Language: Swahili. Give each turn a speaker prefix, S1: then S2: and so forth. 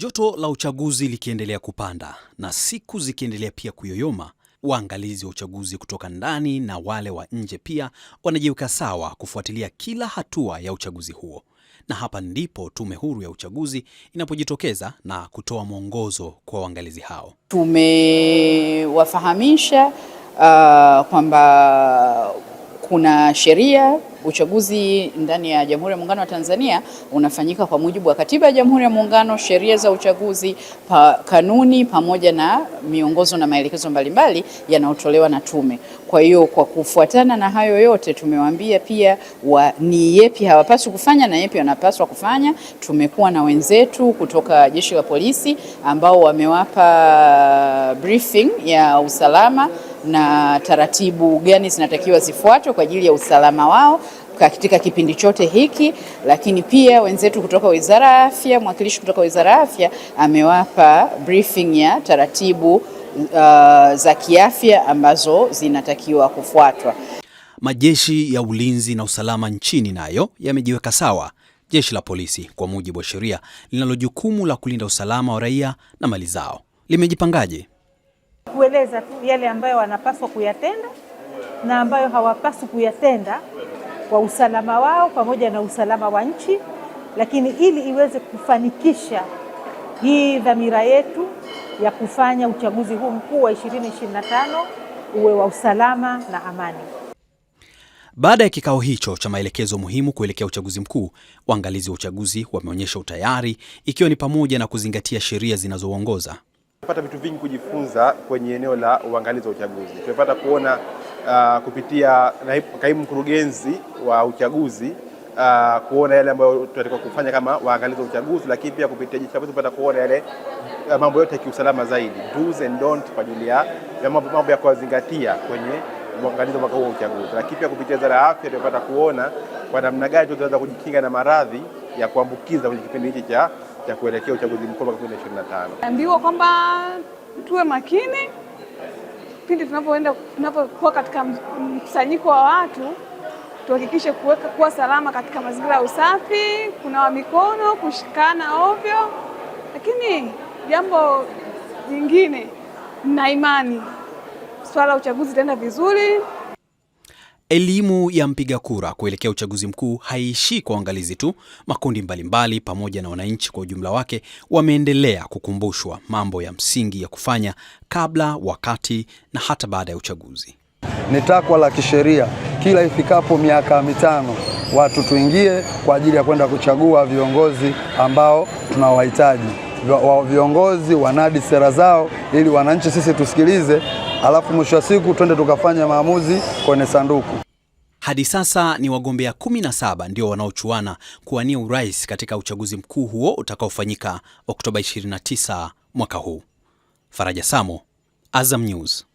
S1: Joto la uchaguzi likiendelea kupanda na siku zikiendelea pia kuyoyoma, waangalizi wa uchaguzi kutoka ndani na wale wa nje pia wanajiweka sawa kufuatilia kila hatua ya uchaguzi huo, na hapa ndipo Tume Huru ya Uchaguzi inapojitokeza na kutoa mwongozo kwa waangalizi hao.
S2: Tumewafahamisha uh, kwamba kuna sheria uchaguzi ndani ya Jamhuri ya Muungano wa Tanzania unafanyika kwa mujibu wa Katiba ya Jamhuri ya Muungano, sheria za uchaguzi pa, kanuni pamoja na miongozo na maelekezo mbalimbali yanayotolewa na tume. Kwa hiyo kwa kufuatana na hayo yote tumewaambia pia wa, ni yepi hawapaswi kufanya na yepi wanapaswa kufanya. Tumekuwa na wenzetu kutoka jeshi la polisi ambao wamewapa briefing ya usalama na taratibu gani zinatakiwa zifuatwe kwa ajili ya usalama wao katika kipindi chote hiki, lakini pia wenzetu kutoka Wizara ya Afya, mwakilishi kutoka Wizara ya Afya amewapa briefing ya taratibu uh, za kiafya ambazo zinatakiwa kufuatwa.
S1: Majeshi ya ulinzi na usalama nchini nayo yamejiweka sawa. Jeshi la polisi kwa mujibu wa sheria linalo jukumu la kulinda usalama wa raia na mali zao limejipangaje?
S3: kueleza tu yale ambayo wanapaswa kuyatenda na ambayo hawapaswi kuyatenda kwa usalama wao pamoja na usalama wa nchi, lakini ili iweze kufanikisha hii dhamira yetu ya kufanya uchaguzi huu mkuu wa 2025 uwe wa usalama na amani.
S1: Baada ya kikao hicho cha maelekezo muhimu kuelekea uchaguzi mkuu, waangalizi wa uchaguzi wameonyesha utayari, ikiwa ni pamoja na kuzingatia sheria zinazoongoza
S4: Tumepata vitu vingi kujifunza kwenye eneo la uangalizi wa uchaguzi. Tumepata kuona uh, kupitia kaimu mkurugenzi wa uchaguzi uh, kuona yale ambayo tunatakiwa kufanya kama waangalizi wa uchaguzi, lakini pia kupitia jeshi la polisi tumepata kuona yale uh, mambo yote ya kiusalama zaidi, do's and don't, kwa ajili ya mambo ya kuwazingatia kwenye uangalizi wa mwaka huu wa uchaguzi. Lakini pia kupitia wizara ya afya tumepata kuona kwa namna gani tunaweza kujikinga na maradhi ya kuambukiza kwenye kipindi hiki cha ya kuelekea uchaguzi mkuu mwaka 2025.
S5: Naambiwa kwamba tuwe makini pindi tunapoenda tunapokuwa katika mkusanyiko wa watu, tuhakikishe kuweka kuwa salama katika mazingira ya usafi, kunawa mikono, kushikana ovyo. Lakini jambo jingine, na imani swala la uchaguzi itaenda vizuri.
S1: Elimu ya mpiga kura kuelekea uchaguzi mkuu haiishii kwa uangalizi tu. Makundi mbalimbali mbali, pamoja na wananchi kwa ujumla wake wameendelea kukumbushwa mambo ya msingi ya kufanya kabla, wakati na hata baada ya uchaguzi.
S6: Ni takwa la kisheria kila ifikapo miaka mitano watu tuingie kwa ajili ya kwenda kuchagua viongozi ambao tunawahitaji, viongozi wanadi sera zao ili wananchi sisi tusikilize alafu mwisho wa siku twende tukafanya maamuzi kwenye sanduku.
S1: Hadi sasa ni wagombea 17 ndio wanaochuana kuwania urais katika uchaguzi mkuu huo utakaofanyika Oktoba 29 mwaka huu. Faraja Samo, Azam News.